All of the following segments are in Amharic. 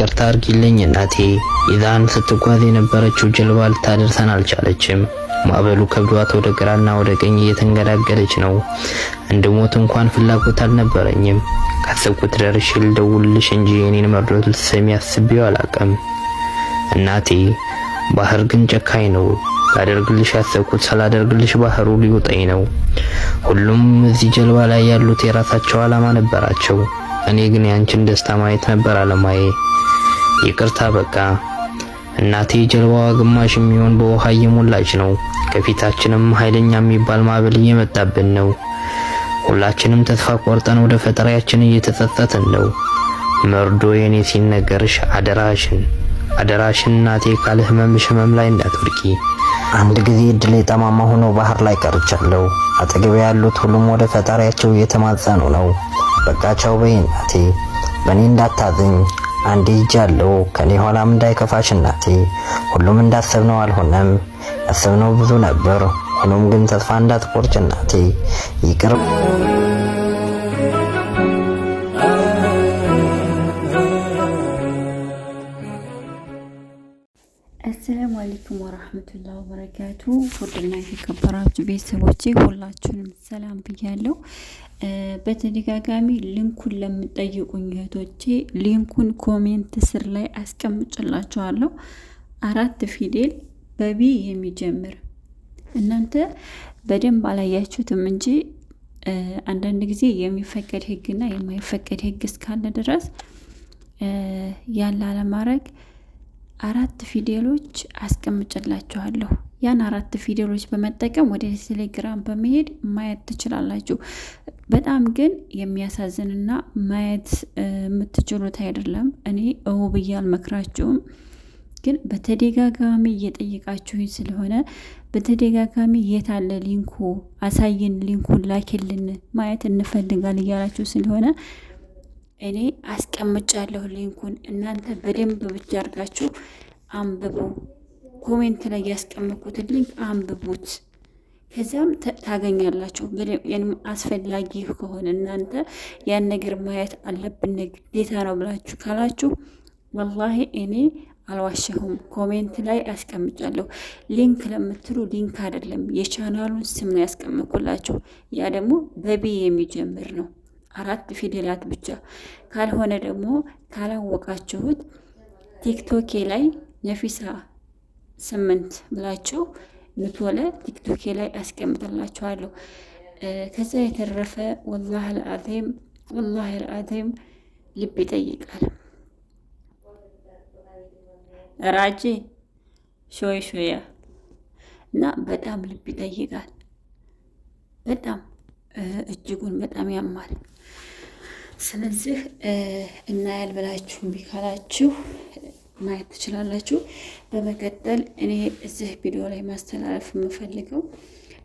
ይቅርታ አርጊልኝ እናቴ፣ ይዛን ስትጓዝ የነበረችው ጀልባ ልታደርሰን አልቻለችም። ማዕበሉ ከብዷት ወደ ግራና ወደ ቀኝ እየተንገዳገደች ነው። እንድሞት እንኳን ፍላጎት አልነበረኝም። ካሰብኩት ደርሽ ልደውልልሽ እንጂ እኔን መርዶት ልትሰሚ አስቤው አላቅም እናቴ። ባህር ግን ጨካኝ ነው። ላደርግልሽ ያሰብኩት ስላደርግልሽ ባህሩ ሊውጠኝ ነው። ሁሉም እዚህ ጀልባ ላይ ያሉት የራሳቸው ዓላማ ነበራቸው። እኔ ግን ያንቺን ደስታ ማየት ነበር አለማዬ። ይቅርታ በቃ እናቴ፣ ጀልባዋ ግማሽ የሚሆን በውሃ እየሞላች ነው። ከፊታችንም ኃይለኛ የሚባል ማዕበል እየመጣብን ነው። ሁላችንም ተስፋ ቆርጠን ወደ ፈጣሪያችን እየተጸጸትን ነው። መርዶ የኔ ሲነገርሽ አደራሽን አደራሽን እናቴ ካለ ህመምሽ ህመም ላይ እንዳትወድቂ። አንድ ጊዜ እድሌ ጠማማ ሆኖ ባህር ላይ ቀርቻለሁ። አጠገቤ ያሉት ሁሉም ወደ ፈጣሪያቸው እየተማጸኑ ነው። በቃ ቻው በይ እናቴ፣ በእኔ እንዳታዝኝ፣ አንዴ ይጃለው ከኔ ኋላም እንዳይከፋሽ እናቴ። ሁሉም እንዳሰብነው አልሆነም፣ ያሰብነው ብዙ ነበር። ሆኖም ግን ተስፋ እንዳትቆርጭ እናቴ፣ ይቅር አለይኩም ወራህመቱላሂ ወበረካቱ ውድና የተከበራችሁ ቤተሰቦቼ ሁላችሁንም ሰላም ብያለሁ። በተደጋጋሚ ሊንኩን ለምጠይቁኝ እህቶቼ ሊንኩን ኮሜንት ስር ላይ አስቀምጭላችኋለሁ። አራት ፊደል በቢ የሚጀምር እናንተ በደንብ አላያችሁትም እንጂ አንዳንድ ጊዜ የሚፈቀድ ህግና የማይፈቀድ ህግ እስካለ ድረስ ያለ አለማድረግ አራት ፊደሎች አስቀምጭላችኋለሁ። ያን አራት ፊደሎች በመጠቀም ወደ ቴሌግራም በመሄድ ማየት ትችላላችሁ። በጣም ግን የሚያሳዝንና ማየት የምትችሉት አይደለም። እኔ እው ብዬ አልመክራችሁም፣ ግን በተደጋጋሚ እየጠየቃችሁኝ ስለሆነ በተደጋጋሚ የት አለ ሊንኩ አሳይን፣ ሊንኩን ላኪልን፣ ማየት እንፈልጋል እያላችሁ ስለሆነ እኔ አስቀምጫለሁ ሊንኩን። እናንተ በደንብ ብቻ አድርጋችሁ አንብቡ። ኮሜንት ላይ ያስቀመጥኩትን ሊንክ አንብቡት። ከዚያም ታገኛላችሁ። አስፈላጊ ከሆነ እናንተ ያን ነገር ማየት አለብን ግዴታ ነው ብላችሁ ካላችሁ ወላሂ እኔ አልዋሸሁም። ኮሜንት ላይ አስቀምጫለሁ። ሊንክ ለምትሉ ሊንክ አይደለም የቻናሉን ስም ነው ያስቀምኩላችሁ። ያ ደግሞ በቢ የሚጀምር ነው። አራት ፊደላት ብቻ። ካልሆነ ደግሞ ካላወቃችሁት ቲክቶኬ ላይ ነፊሳ ስምንት ብላችሁ ምትወለ ቲክቶኬ ላይ አስቀምጥላችኋለሁ። ከዛ የተረፈ ወላህ አልዓዚም ወላህ አልዓዚም ልብ ይጠይቃል። ራጂ ሾይ ሾያ እና በጣም ልብ ይጠይቃል በጣም እጅጉን በጣም ያማል። ስለዚህ እናያል ብላችሁ እምቢ ካላችሁ ማየት ትችላላችሁ። በመቀጠል እኔ እዚህ ቪዲዮ ላይ ማስተላለፍ የምፈልገው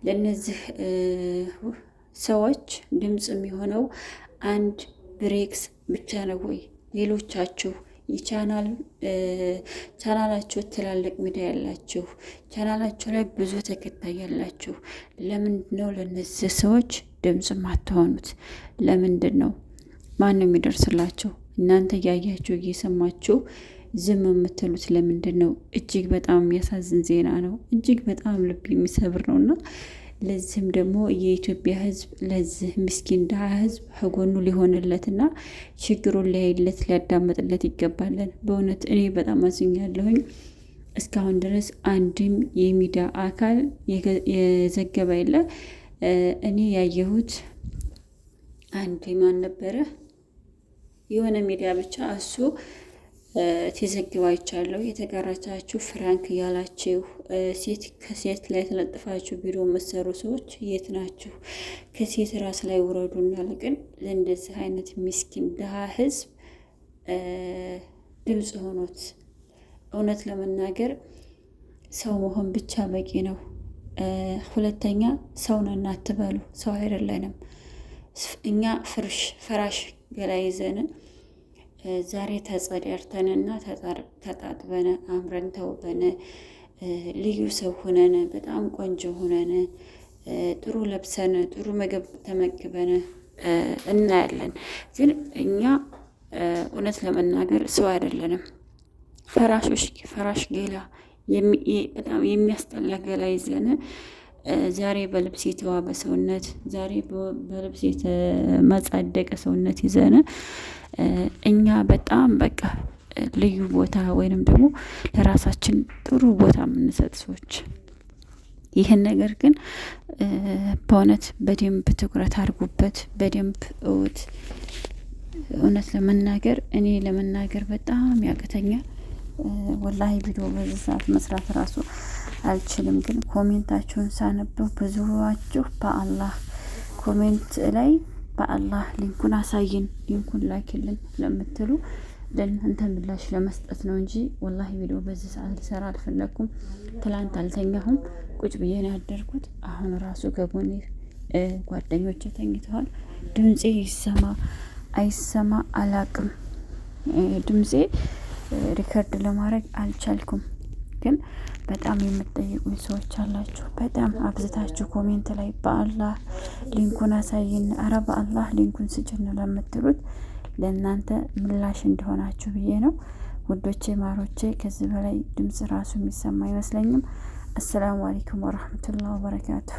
ለእነዚህ ሰዎች ድምፅ የሚሆነው አንድ ብሬክስ ብቻ ነው ወይ? ሌሎቻችሁ የቻናል ቻናላችሁ ትላልቅ ሚዲያ ያላችሁ ቻናላችሁ ላይ ብዙ ተከታይ ያላችሁ ለምንድን ነው ለእነዚህ ሰዎች ድምፅም አትሆኑት። ለምንድን ነው ማን የሚደርስላቸው? እናንተ እያያችሁ እየሰማችሁ ዝም የምትሉት ለምንድን ነው? እጅግ በጣም የሚያሳዝን ዜና ነው። እጅግ በጣም ልብ የሚሰብር ነው እና ለዚህም ደግሞ የኢትዮጵያ ሕዝብ ለዚህ ምስኪን ድሀ ሕዝብ ከጎኑ ሊሆንለትና ችግሩን ሊያይለት ሊያዳመጥለት ይገባለን። በእውነት እኔ በጣም አዝኛለሁኝ። እስካሁን ድረስ አንድም የሚዲያ አካል የዘገባ የለ። እኔ ያየሁት አንድ ማን ነበረ የሆነ ሚዲያ ብቻ እሱ ሲዘግብ አይቻለሁ። የተጋራቻችሁ ፍራንክ ያላችሁ ሴት ከሴት ላይ ተለጥፋችሁ ቢሮ መሰሩ ሰዎች የት ናችሁ? ከሴት ራስ ላይ ውረዱ እናልቅን። ለእንደዚህ አይነት ሚስኪን ድሃ ህዝብ ድምፅ ሆኖት እውነት ለመናገር ሰው መሆን ብቻ በቂ ነው። ሁለተኛ ሰውነን አትበሉ፣ ሰው አይደለንም እኛ ፍርሽ ፍራሽ ገላ ይዘን ዛሬ ተጸዳርተንና ተጣጥበን አምረን ተውበን ልዩ ሰው ሆነን በጣም ቆንጆ ሆነን ጥሩ ለብሰን ጥሩ ምግብ ተመግበን እናያለን። ግን እኛ እውነት ለመናገር ሰው አይደለንም፣ ፈራሾች፣ ፈራሽ ጌላ በጣም የሚያስጠላ ገላ ይዘን ዛሬ በልብስ የተዋበ ሰውነት፣ ዛሬ በልብስ የተመጻደቀ ሰውነት ይዘን እኛ በጣም በቃ ልዩ ቦታ ወይንም ደግሞ ለራሳችን ጥሩ ቦታ የምንሰጥ ሰዎች ይህን ነገር ግን በእውነት በደንብ ትኩረት አድርጉበት፣ በደንብ እውት እውነት ለመናገር እኔ ለመናገር በጣም ያቅተኛል። ወላሂ ቪዲዮ በዚህ ሰዓት መስራት ራሱ አልችልም። ግን ኮሜንታችሁን ሳነበው ብዙዋችሁ በአላህ ኮሜንት ላይ በአላህ ሊንኩን አሳይን ሊንኩን ላኪልን ለምትሉ ለእናንተ ምላሽ ለመስጠት ነው እንጂ ወላሂ ቪዲዮ በዚህ ሰዓት ልሰራ አልፈለግኩም። ትላንት አልተኛሁም፣ ቁጭ ብዬ ነው ያደርኩት። አሁን ራሱ ገቡኔ ጓደኞች ተኝተዋል። ድምፄ ይሰማ አይሰማ አላቅም ድምፄ ሪከርድ ለማድረግ አልቻልኩም። ግን በጣም የምትጠይቁኝ ሰዎች አላችሁ። በጣም አብዝታችሁ ኮሜንት ላይ በአላህ ሊንኩን አሳይን፣ አረ በአላህ ሊንኩን ስጭን ለምትሉት ለእናንተ ምላሽ እንደሆናችሁ ብዬ ነው ውዶቼ ማሮቼ። ከዚህ በላይ ድምጽ ራሱ የሚሰማ አይመስለኝም። አሰላሙ አሌይኩም ወረህመቱላህ ወበረካቱሁ።